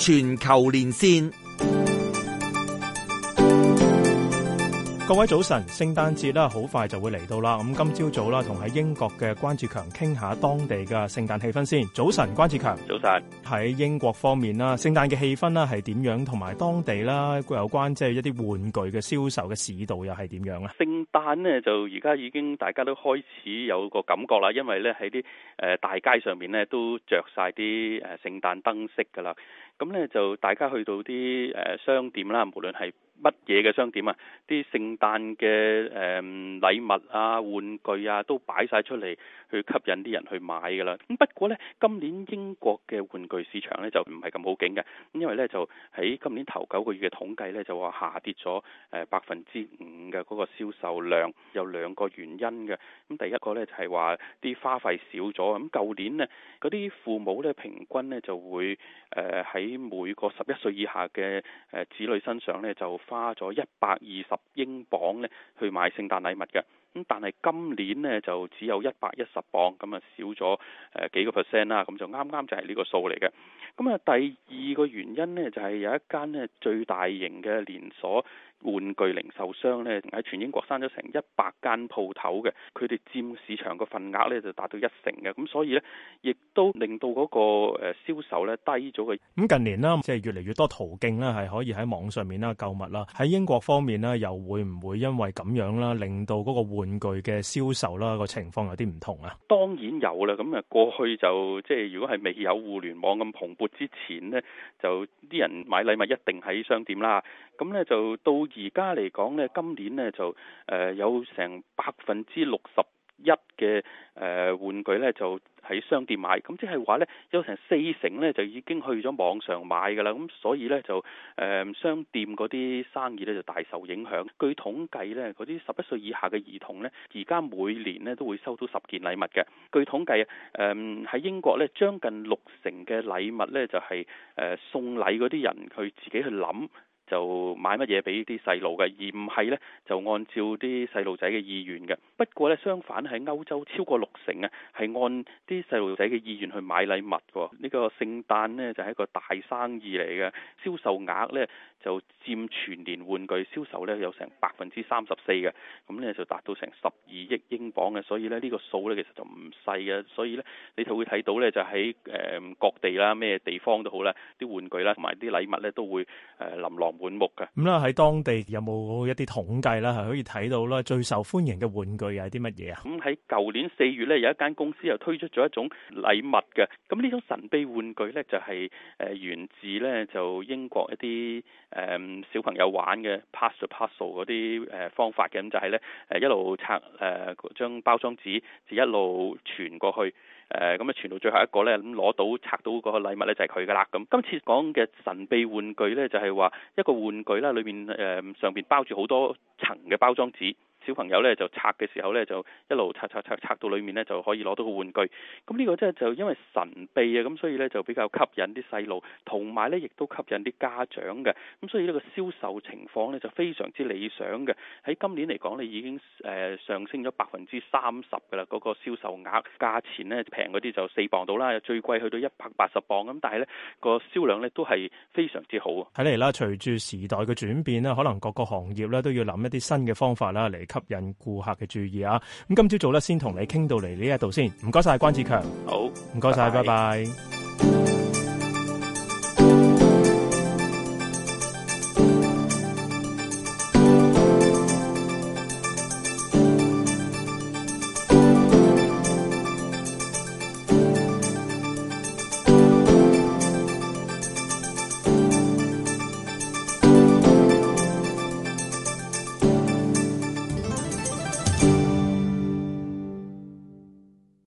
全球連線，各位早晨！聖誕節啦，好快就會嚟到啦。咁今朝早啦，同喺英國嘅關志強傾下當地嘅聖誕氣氛先。早晨，關志強，早晨。喺英國方面啦，聖誕嘅氣氛啦係點樣？同埋當地啦，有關即係一啲玩具嘅銷售嘅市道又係點樣啊？聖誕呢就而家已經大家都開始有個感覺啦，因為呢喺啲誒大街上面呢都着晒啲誒聖誕燈飾噶啦。咁咧就大家去到啲誒商店啦，無論係乜嘢嘅商店啊，啲聖誕嘅誒、嗯、禮物啊、玩具啊，都擺晒出嚟，去吸引啲人去買㗎啦。咁不過呢，今年英國嘅玩具市場咧就唔係咁好景嘅，因為咧就喺今年頭九個月嘅統計咧就話下跌咗誒百分之五嘅嗰個銷售量，有兩個原因嘅。咁第一個咧就係話啲花費少咗，咁舊年咧，嗰啲父母咧平均咧就會誒喺、呃每個十一歲以下嘅誒子女身上咧，就花咗一百二十英鎊咧去買聖誕禮物嘅。咁但係今年呢，就只有一百一十鎊，咁啊少咗誒幾個 percent 啦。咁就啱啱就係呢個數嚟嘅。咁啊第二個原因呢，就係有一間咧最大型嘅連鎖玩具零售商咧喺全英國生咗成一百間鋪頭嘅，佢哋佔市場個份額咧就達到一成嘅，咁所以咧亦都令到嗰個誒銷售咧低咗嘅。咁近年啦，即係越嚟越多途徑啦，係可以喺網上面啦購物啦。喺英國方面咧，又會唔會因為咁樣啦，令到嗰個玩具嘅銷售啦個情況有啲唔同啊？當然有啦，咁啊過去就即係如果係未有互聯網咁蓬勃之前咧，就啲人買禮物一定喺商店啦，咁咧就都。而家嚟講呢，今年呢就誒有成百分之六十一嘅誒玩具呢就喺商店買。咁即係話呢，有成四成呢就已經去咗網上買㗎啦。咁所以呢，就誒商店嗰啲生意呢就大受影響。據統計呢，嗰啲十一歲以下嘅兒童呢，而家每年呢都會收到十件禮物嘅。據統計啊，誒喺英國呢，將近六成嘅禮物呢就係誒送禮嗰啲人佢自己去諗。就買乜嘢俾啲細路嘅，而唔係呢，就按照啲細路仔嘅意願嘅。不過呢，相反喺歐洲超過六成啊，係按啲細路仔嘅意願去買禮物㗎。呢個聖誕呢，就係一個大生意嚟嘅，銷售額呢，就佔全年玩具銷售呢，有成百分之三十四嘅，咁呢，就達到成十二億英鎊嘅。所以呢，呢個數呢，其實就唔細嘅，所以呢，你就會睇到呢，就喺誒各地啦咩地方都好啦，啲玩具啦同埋啲禮物呢，都會誒琳琅。玩具嘅咁啦，喺當地有冇一啲統計啦？係可以睇到啦，最受歡迎嘅玩具係啲乜嘢啊？咁喺舊年四月咧，有一間公司又推出咗一種禮物嘅。咁呢種神秘玩具咧，就係、是、誒、呃、源自咧就英國一啲誒、呃、小朋友玩嘅 pass the parcel 嗰啲誒方法嘅。咁就係咧誒一路拆誒嗰張包裝紙，就一路傳過去。誒咁啊，傳到最後一個咧，咁攞到拆到嗰個禮物咧，就係佢噶啦。咁今次講嘅神秘玩具咧，就係、是、話一個個玩具啦，裏面誒上邊包住好多層嘅包裝紙。小朋友咧就拆嘅時候咧就一路拆拆拆，拆到裡面咧就可以攞到個玩具，咁呢個真係就因為神秘啊，咁所以咧就比較吸引啲細路，同埋咧亦都吸引啲家長嘅，咁所以呢個銷售情況咧就非常之理想嘅，喺今年嚟講咧已經誒、呃、上升咗百分之三十㗎啦，嗰個銷售額價錢咧平嗰啲就四磅到啦，最貴去到一百八十磅，咁但係咧個銷量咧都係非常之好啊。睇嚟啦，隨住時代嘅轉變啦，可能各個行業咧都要諗一啲新嘅方法啦嚟。吸引顧客嘅注意啊！咁今朝早咧，先同你傾到嚟呢一度先，唔該晒，關志強。嗯，好唔該晒，拜拜。拜拜。